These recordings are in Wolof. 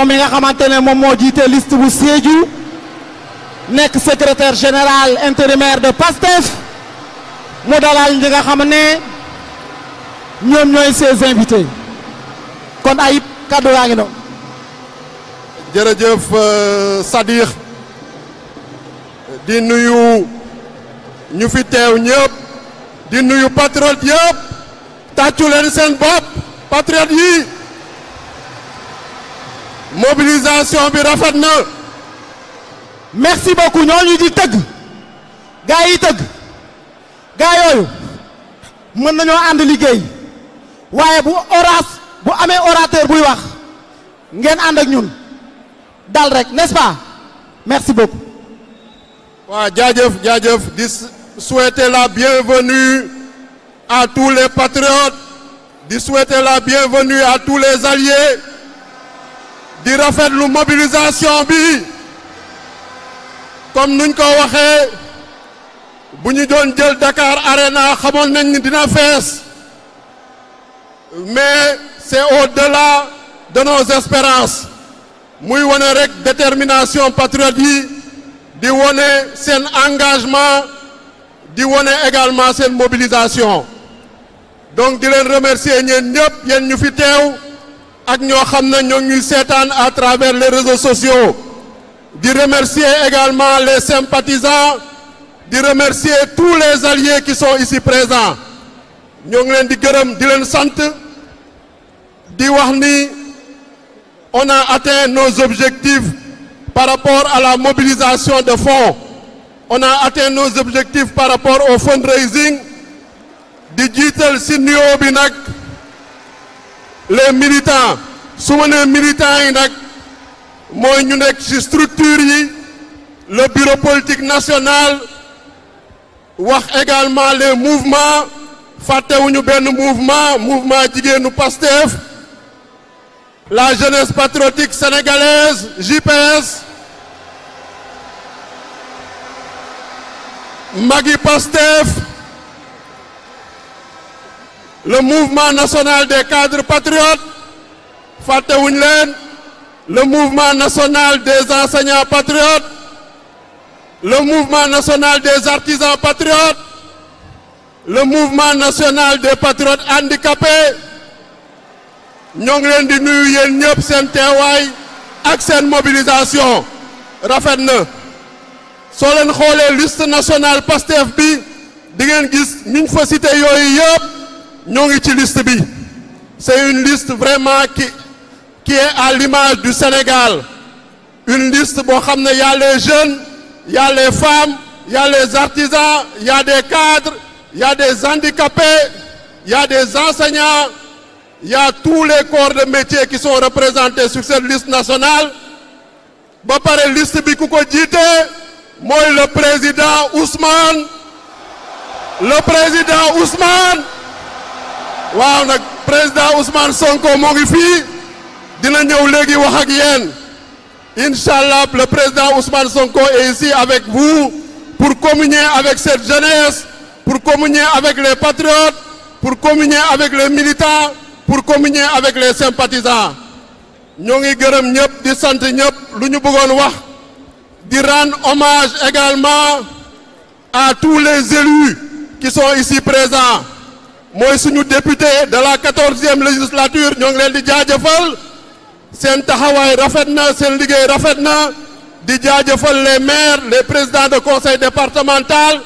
moom yi nga xamante ne moom moo jiite liste bu Sédhiou nekk secrétaire général intérimaire de PASTEF mu dalal ñi nga xam ne ñoom ñooy ses invités kon Ayib kàddu gaa ngi noonu. jërëjëf euh, Sadikh di nuyu ñu fi teew ñëpp di nuyu patriote yëpp tàccu leen seen bopp patriote yi. mobilisation bi rafet na. merci beaucoup ñu di tëgg gaa yi tëgg gaa yooyu mën nañoo ànd liggéey waaye bu oraas bu amee orateur buy wax ngeen ànd ak ñun dal rek n'est-ce pas merci beaucoup. waaw jaajëf jaajëf di souhaiter la bienvenue à tous les patriotes di souhaiter la bienvenue à tous les alliés. di rafetlu mobilisation bi comme nuñ ko waxee bu ñu doon jël Dakar Arena xamoon nañ ni dina fees mais c'est au-delà de nos espérances muy wone rek détermination patriote yi di wone seen engagement di wone également seen mobilisation donc di leen remercier ñeen ñëpp yéen ñu fi teew ak ñoo xam na ñoo ngi seetaan à travers les réseaux sociaux di remercier également les sympathisants di remercier tous les alliés qui sont ici présents ñoo ngi leen di gërëm di leen sant di wax ni on a atteint nos objectifs par rapport à la mobilisation de fonds on a atteint nos objectifs par rapport au fundraising di jiital si nuyoo bi nag les militants su ma nee militants yi nag mooy ñu nekk ci structure yi le bureau politique national wax également les mouvements fàttewuñu benn mouvement mouvement jigéenu Pastef la jeunesse patriotique sénégalaise JPS magi Pastef le mouvement national des cadres patriotes fàttewuñ leen le mouvement national des enseignants patriotes le mouvement national des artisans patriotes le mouvement national des patriotes handicapés ñoo ngi leen di nuyu yéen ñëpp seen teewaay ak seen mobilisation rafet na soo leen xoolee liste nationale PASTEF bi di ngeen gis ñiñ fa cité yooyu yëpp ñoo ngi ci liste bi c'est une liste vraiment qui qui est à l'image du Sénégal une liste boo xam ne y a les jeunes y les femmes ya les artisans ya des cadres ya des handicapés y a des enseignants y a tous les corps de métier qui sont représentés sur cette liste nationale ba pare liste bi ku ko jiite mooy le président Ousmane le président waaw nag président Ousmane Sonko moo ngi fii dina ñëw léegi wax ak yéen Inch'Allah le président Ousmane Sonko est ici avec vous pour communier avec cette jeunesse pour communier avec les patriotes pour communier avec les militants pour communier avec les sympathisants ñoo ngi gërëm ñëpp di sant ñëpp lu ñu bëggoon wax di rendre hommage également à tous les élus qui sont ici présents mooy suñu député de la quatorzième législature ñoo ngi leen di jaajëfal seen taxawaay rafet na seen liggéey rafet na di jaajëfal les maires les présidents de conseil départemental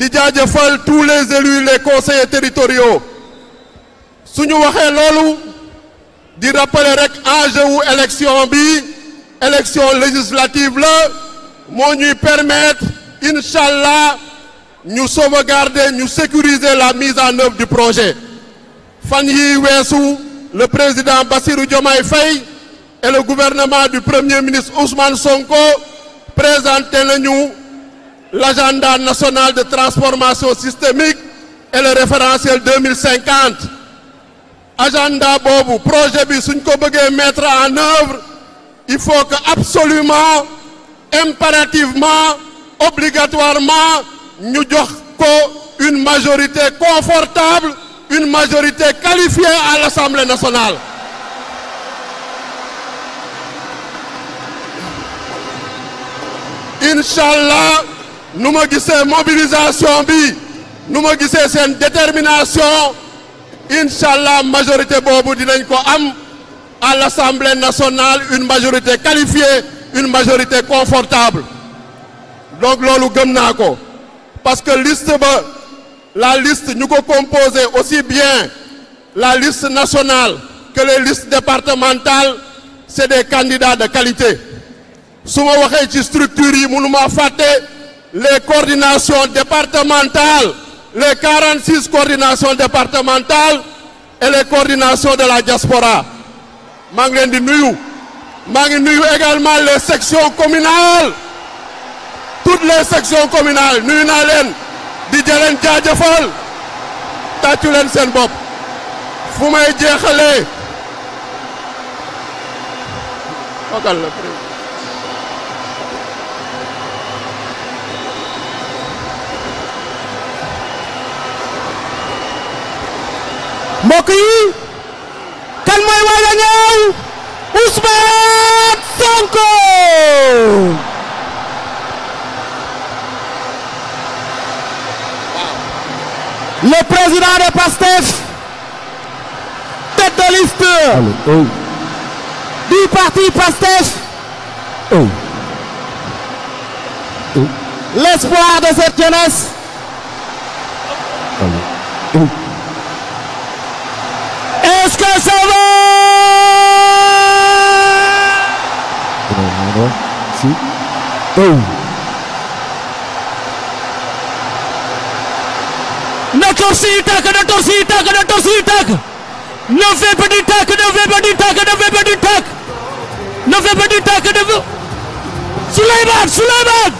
di jaajëfal tous les élus les conseillers territoriaux suñu waxee loolu di rappeler rek enjeu wu élection bi élection législative la moo ñuy permettre incha allah ñu sauvegarder ñu sécuriser la mise en œuvre du projet fan yi weesu le président Bassirou Diomaye Faye et le gouvernement du premier ministre Ousmane Sonko présenté nañu l'agenda national de transformation systémique et le référentiel 2050 agenda boobu projet bi suñ ko bëggee mettre en œuvre il faut que absolument impérativement obligatoirement ñu jox ko une majorité confortable une majorité qualifiée à l'Assemblée nationale inchallah nu ma gisee mobilisation bi nu ma gisee seen détermination inchallah majorité boobu dinañ ko am à l'Assemblée nationale une majorité qualifiée une majorité confortable donc loolu gëm naa ko parce que liste ba la liste ñu ko composé aussi bien la liste nationale que les listes départementales c'est des candidats de qualité su ma waxee ci structures yi mënu ma fàtte les coordinations départementales les 46 coordinations départementales et les coordinations de la diaspora maa ngi leen di nuyu toutes les sections communales nuyu naa leen di jëleen jaajëfal tàccu leen seen bopp fu may jeexalee mbokk yi kan mooy waaj a ñëw président de PASTEF, tête de liste Allez, oh. du parti PASTEF. Oh. Oh. L'espoir de cette jeunesse. Oh. Est-ce que ça va? Si. Oh. la torsi tac, la torsi tac, la torsi tac. Ne fais pas du tac, ne fais pas du tac, ne fais pas du tac. Ne fais pas du tac, ne fais... Souleymane, Souleymane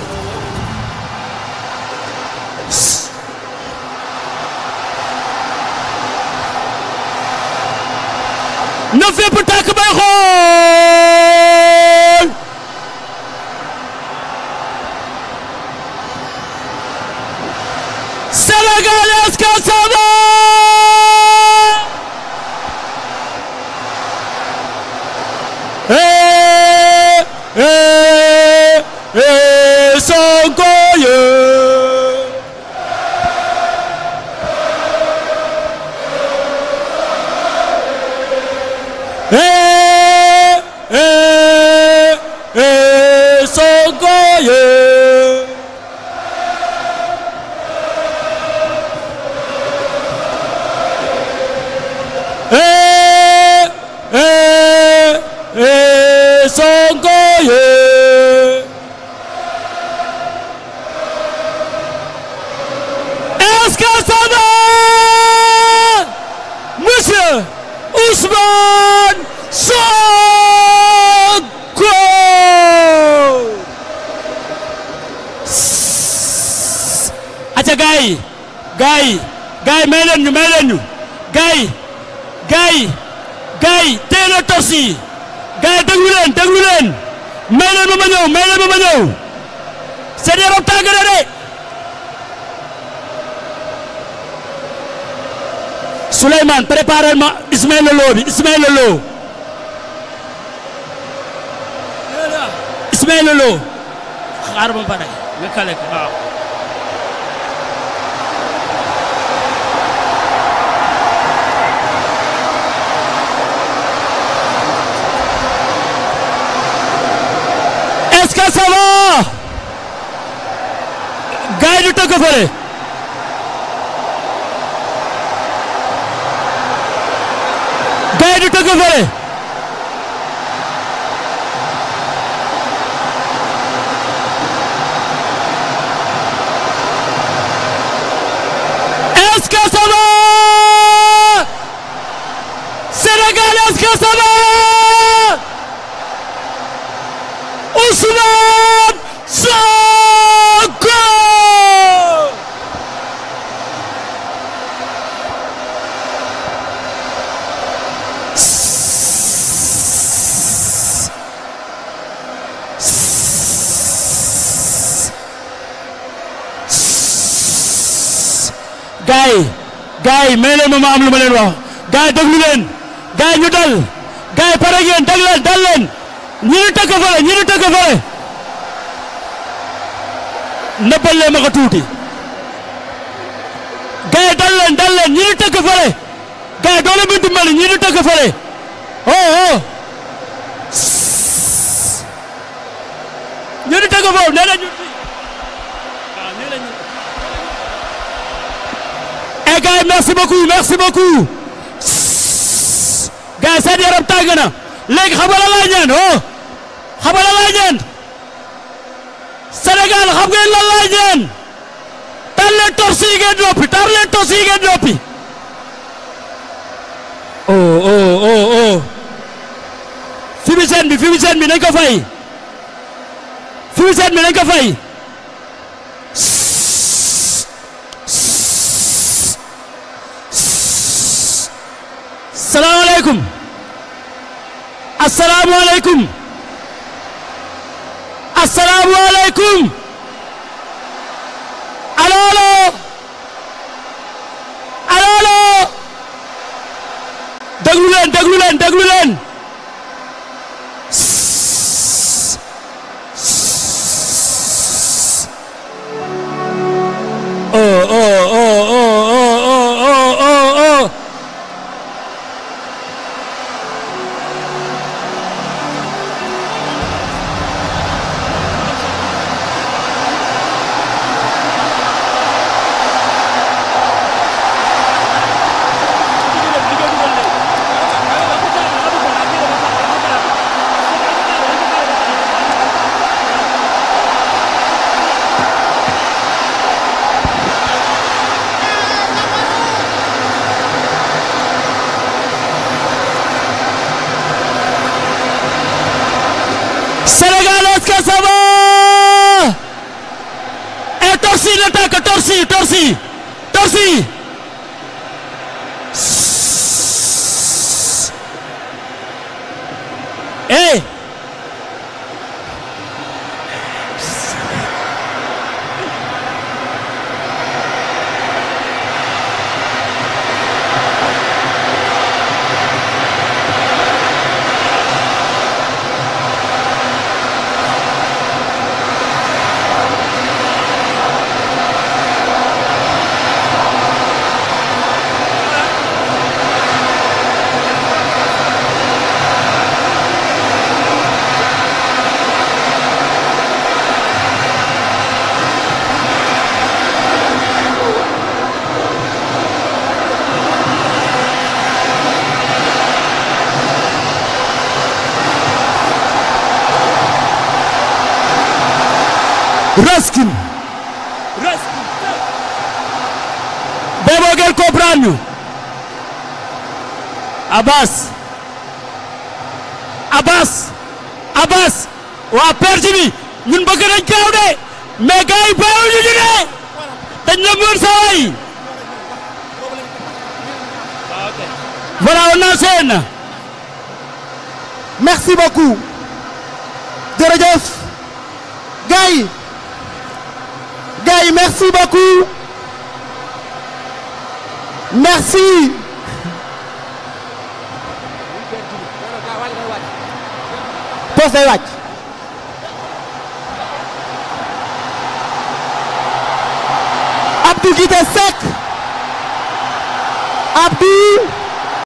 Est-ce que ça va aca gaay gaay gaay may ñu may ñu gaay gaay gaay teel a torsi gaay may leen ba ma ñëw may leen ba ma ñëw seen yaram tàng na de Souleymane préparé ma Ismaïla Lo bi Ismaïla Lo Ismaïla Lo xaar ba pare nga Moustapha gaay du tëgg fële gaay du tëgg fële est-ce que ça va Sénégal est-ce que ça va ma ma am lu ma leen wax gars yi déglu ñu dal gars yi pare ngeen dal leen ñu tëkk fële ñi ñu tëkk fële nëbbal leen ma ko tuuti gars yi dal leen dal leen ñu tëkk fële gars yi doo leen mën ñu tëkk fële oh oh ñi ñu tëkk fële nee na ñu. gars yi merci beaucoup merci beaucoup gars yi seen yaram tàng na léegi xam nga la laa ñaan oh la laa ñaan leen torsi yi ngeen noppi tar leen torsi yi ngeen noppi oh, oh, oh, fi mu seen bi fi mu seen bi nañ ko fay fi mu seen bi nañ ko fay. salaamaaleykum asalaamualeykum asalaamualeykum allo allo allo allo déglu leen déglu leen déglu leen ça va et eh, torsi l'attaque torsi torsi torsi et eh! Abamu Abbas Abbas waa perte bi ñun bëgg nañ gaaw de mais gars yi bàyyiwuñu de dañ la mën saa waay voilà on enchaîne. merci beaucoup jërëjëf gars yi gars yi merci merci. poos day wàcc. Abdou